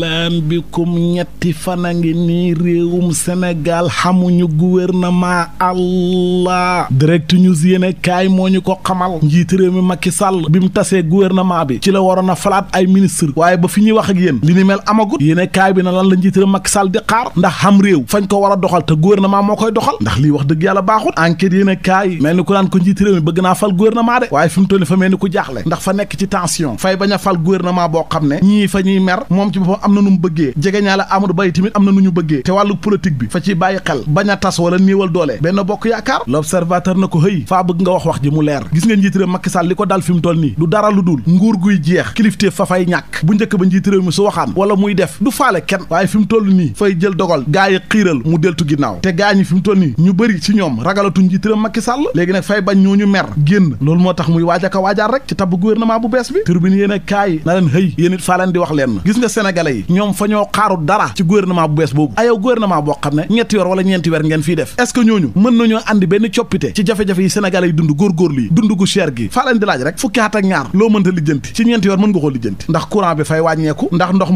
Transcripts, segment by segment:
lan bikum ñetti fan a ngi nii réewum senegal xamuñu gouvernement allah direct news yéen kaay moo ñu ko xamal njiit réew mi Macky Sall bi mu tasee gouvernement bi ci la waroon a falaat ay ministre waaye ba fi ñuy wax ak yéen li ni mel amagut yéen kaay bi na lan la njiit réew Macky di xaar ndax xam réew fañ ko war a doxal te gouvernement moo koy doxal ndax lii wax dëgg yàlla baaxut enquête yéen kaay mel ni ku naan ko njiit réew mi bëgg naa fal gouvernement de waaye fi mu toll fa mel ni ku jaaxle ndax fa nekk ci tension fay bañ a fal gouvernement boo xam ne ñii fa ñuy mer moom ci boppam am na nu mu bëggee jege ñaa la Amadou Ba tamit am na nu ñu bëggee te wàllu politique bi fa ciy bàyyi xel bañ a tas wala néewal doole benn bokk yaakaar l'observateur na ko hëy faa bëgg nga wax wax ji mu leer gis nga njiit réew Macky Sall li ko dal fi mu toll nii du dara lu dul nguur guy jeex kilifte fa fay ñàkk bu njëkk ba njiit réew mi su waxaan wala muy def du faale kenn waaye fi mu toll nii fay jël dogal gaa yi xiiral mu deltu ginnaaw te gaa ñi fi mu toll nii ñu bëri ci ñoom ragalatu njiit réew Macky Sall léegi nag fay bañ ñooñu mer génn loolu moo tax muy waaj aka waajaar rek ci tabb gouvernement bi tribune yéen a kaay na leen hëy yéen it faa leen di wax leen gis nga sénégalais yi ñoom fa ñoo xaaru dara ci gouvernement bu bees boobu ayow gouvernement boo xam ne ñetti weer wala ñeenti weer ngeen fii def est ce que ñooñu mën nañoo andi benn coppite ci jafe-jafe yi sénégalais yi dund góorgóorlu yi dund gu cher gi faa leen di laaj rek fukki at ak ñaar loo mënta lijjanti ci ñeenti weer mën nga lijjanti ndax courant bi fay wàññeeku ndax ndox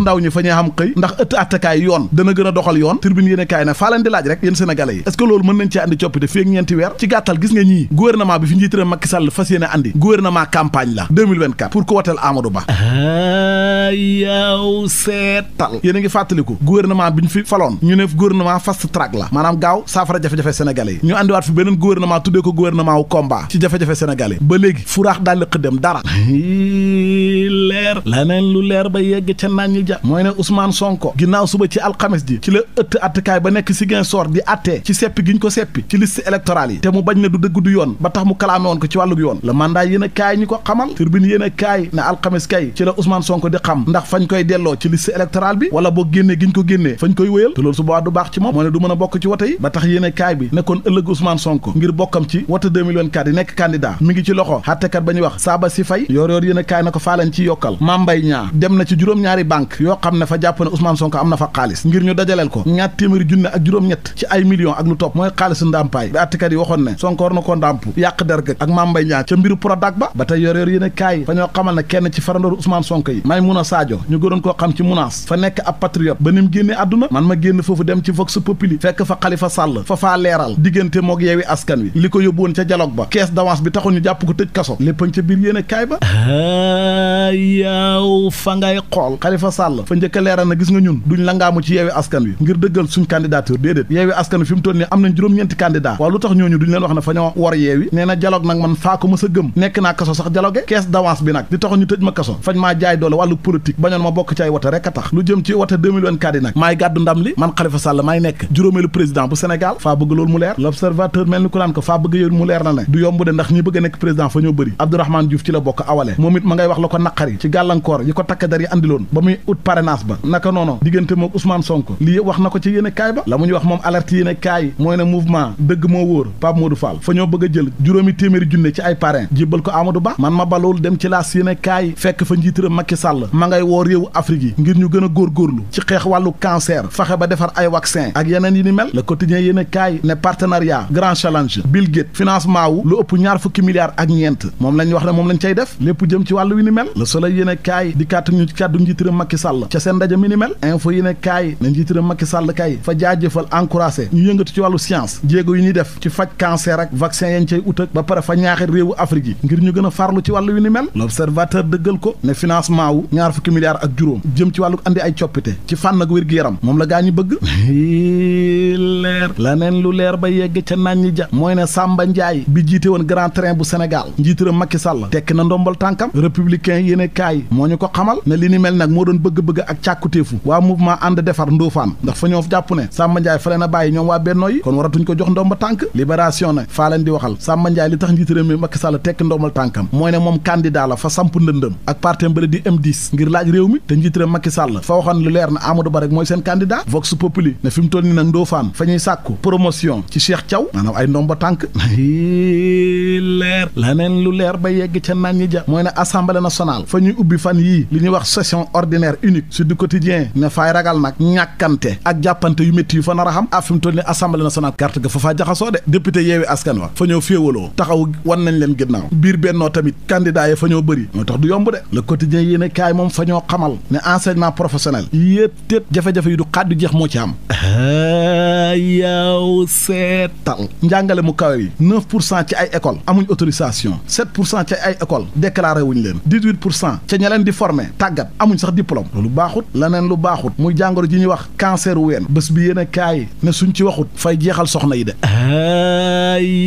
ndaw ñi fa ñee xam xëy ndax ëtt yoon dana gën a doxal yoon a kaay ne faa leen di laaj rek yéen fas yéene gouvernement campagne la 2024 pour ko wateel Amadou Ba yaw seetal yéen a ngi fàttaliku gouvernement bi ñu fi faloon ñu ne gouvernement fast track la maanaam gaaw saafara jafe-jafe sénégalais yi ñu andiwaat fi beneen gouvernement tuddee ko gouvernement wu combat ci jafe-jafe sénégalais ba léegi furaax daal di xëddem dara leer laneen lu leer ba yegg ca naan ñu ja mooy ne Ousmane Sonko ginnaaw suba ci alxames ji ci la ëtt attekaay ba nekk Ziguinchor di attee ci seppi gi ñu ko seppi ci liste électorale yi te mu bañ ne du dëgg du yoon ba tax mu kalaame woon ci wàllug yoon yoon le mandat yéen a kaay ñu ko xamal turbine yéen kaay ne alxames kay ci la Ousmane Sonko di xam ndax fañ koy delloo ci liste électorale bi wala boo génnee giñ ko génnee fañ koy wéyal te loolu su du baax ci moom moo ne du mën a bokk ci wote yi ba tax yéen a kaay bi ne ëllëg Ousmane Sonko ngir bokkam ci wote 2024 yi nekk candidat mi ngi ci loxo xattekat ba ñuy wax Saba Si Fay yoor yoor yéen a kaay na ko faaleen ci yokkal Mame ñaari banque yoo xam ne fa jàpp ne Ousmane Sonko am na fa xaalis ngir ñu dajaleel ko ñaat téeméeri junne ak juróom-ñett ci ay millions ak lu na ko ndàmp yàq der ak Mame Mbaye Niang ca mbiru Prodac ba ba te yor yor yéen kaay fa ñoo xamal ne kenn ci farandooru Ousmane Sonko yi Maimouna Sadio ñu gënoon koo xam ci munaas fa nekk ab patriote ba ni mu génnee àdduna man ma génn foofu dem ci Vox Populi fekk fa Khalifa Sall fa faa leeral diggante moog yeewi askan wi li ko yóbbuwoon ca dialogue ba caisse d'avance bi taxul ñu jàpp ko tëj kaso léppañ ca biir yéen kaay ba ah. yow fa ngay xool Khalifa Sall fa njëkk leeral na gis nga ñun duñ langaamu ci yeewi askan wi ngir dëggal suñ candidature déedéet yeewi askan wi fi mu toll am nañ juróom-ñeenti candidat waaw lu tax ñooñu duñ leen wax ne fa ñoo war yeewi nee na dialogue nag man faa ko mës gëm nekk naa kaso sax dialogue caisse d'avance bi nag di tax ñu tëj ma kaso fañ maa jaay doole wàllu politique bañoon ma bokk ci ay wote rek a tax lu jëm ci wote 2024 yi nag maay gàddu ndam ko takk dar yi ba muy ut parrainage ba naka noonu diggante mook Ousmane Sonko lii yëpp wax na ko ci yéene kaay ba la mu ñu wax moom alerte yéene kaay mooy ne mouvement dëgg moo wóor Pape fa ñoo bëgg jël juróomi téeméeri junne ci ay parrain jébbal ko Amadou Ba man ma balool dem ci laas yéene kaay fekk fa njiitëram Macky Sall ma ngay woo réewu Afrique yi ngir ñu gën góor góorgóorlu ci xeex wàllu cancer fexe ba defar ay vaccin ak yeneen yi ni mel le quotidien yéene kaay ne partenariat grand challenge bil Gates financement wu lu ëpp ñaar fukki milliards ak ñeent moom lañ wax ne moom lañ cay def lépp jëm ci wàllu wi ni mel le soleil yéene kaay ci kàttu ñu kàddu njiitëram Macky Sall ca seen ndaje mi info yi ne kaay ne njiitëram Macky Sall kay fa jaajëfal encouragé ñu yëngatu ci wàllu science jéego yu ñuy def ci faj cancer ak vaccin yañ cay ut ba pare fa ñaaxit réewu Afrique yi ngir ñu gën a farlu ci wàllu wi ni mel l'observateur dëggal ko ne financement wu ñaar fukki milliards ak juróom jëm ci wàllu andi ay coppite ci fànn ak wér-gu-yaram moom la gaa ñi bëgg leer laneen lu leer ba yegg ca naan ñi Samba Ndiaye bi jiite woon Grand bu Sénégal njiitëram Macky Sall tekki na ndombal tànkam républicain yéene kaay moo xamal na li ni mel nag moo doon bëgg-bëgg ak càkkutéefu waa mouvement ànd defar ndoofaan ndax fa ñoo jàpp ne Samba Ndiaye fa leen a bàyyi ñoom waa bennoo yi kon waratuñ ko jox ndomba tànk libération ne faa leen di waxal Samba Ndiaye li tax njiit réew mi Macky Sall tekk ndombal tànkam mooy ne moom candidat la fa samp ndëndëm ak parti mbële di M10 ngir laaj réew mi te njiit réew Macky Sall fa waxoon lu leer na Amadou Ba rek mooy seen candidat Vox Populi ne fi mu toll ni nag ndoofaan fa ñuy lu leer ba yegg ca naan ñi ja mooy ne assemblée nationale fa ñuy ubbi fan yi lii li ñuy wax session ordinaire unique Sud Quotidien ne faay ragal nag ñàkkante ak jàppante yu métti yu fa na a xam afim toll na assemblée nationale carte ga fa faa jaxasoo de député yeewi askan wa fa ñëw féewaloo taxaw wan nañ leen ginnaaw biir bennoo tamit candidat yi fa ñoo bëri moo tax du yomb de le quotidien yéene kaay moom fa ñoo xamal ne enseignement professionnel yétteet jafe-jafe yi du xaddu jeex moo ci am yow seetal njàngale mu kawe yi neuf pour cent ci ay école amuñ autorisation sept pour cent ay école déclaré formé tàggat amuñ sax diplôme lu baaxut leneen lu baaxut muy jàngoro ji ñuy wax cancer ween bés bi yéen kaay ne suñ ci waxut fay jeexal soxna yi de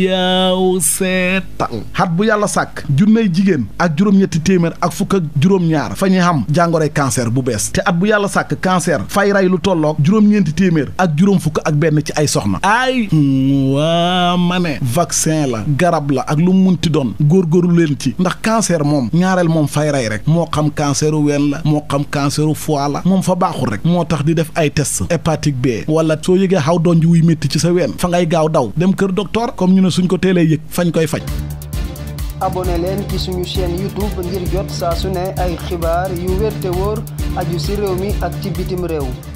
yaaw seetal xat bu yàlla sàkk junney jigéen ak juróom-ñetti téeméer ak fukk ak juróom-ñaar fa ñuy xam jàngoroy cancer bu bees te at bu yàlla sàkk cancer fay rey lu tollook juróom-ñeenti téeméer ak juróom fukk ak benn ci ay soxna ay waa ma ne vaccin la garab la ak lu munti doon góorgóorlu leen ci ndax cancer moom ñaareel moom fay cancer ween la moo xam cancer foie la moom fa baaxul rek moo tax di def ay test hépatique B wala soo yëgee xaw doon ji wuy metti ci sa ween fa ngay gaaw daw dem kër docteur comme ñu ne suñ ko teelee yëg fañ koy faj. abonné leen ci suñu chaîne youtube ngir jot saa su ne ay xibaar yu wér te wóor aju si réew mi ak ci bitim réew.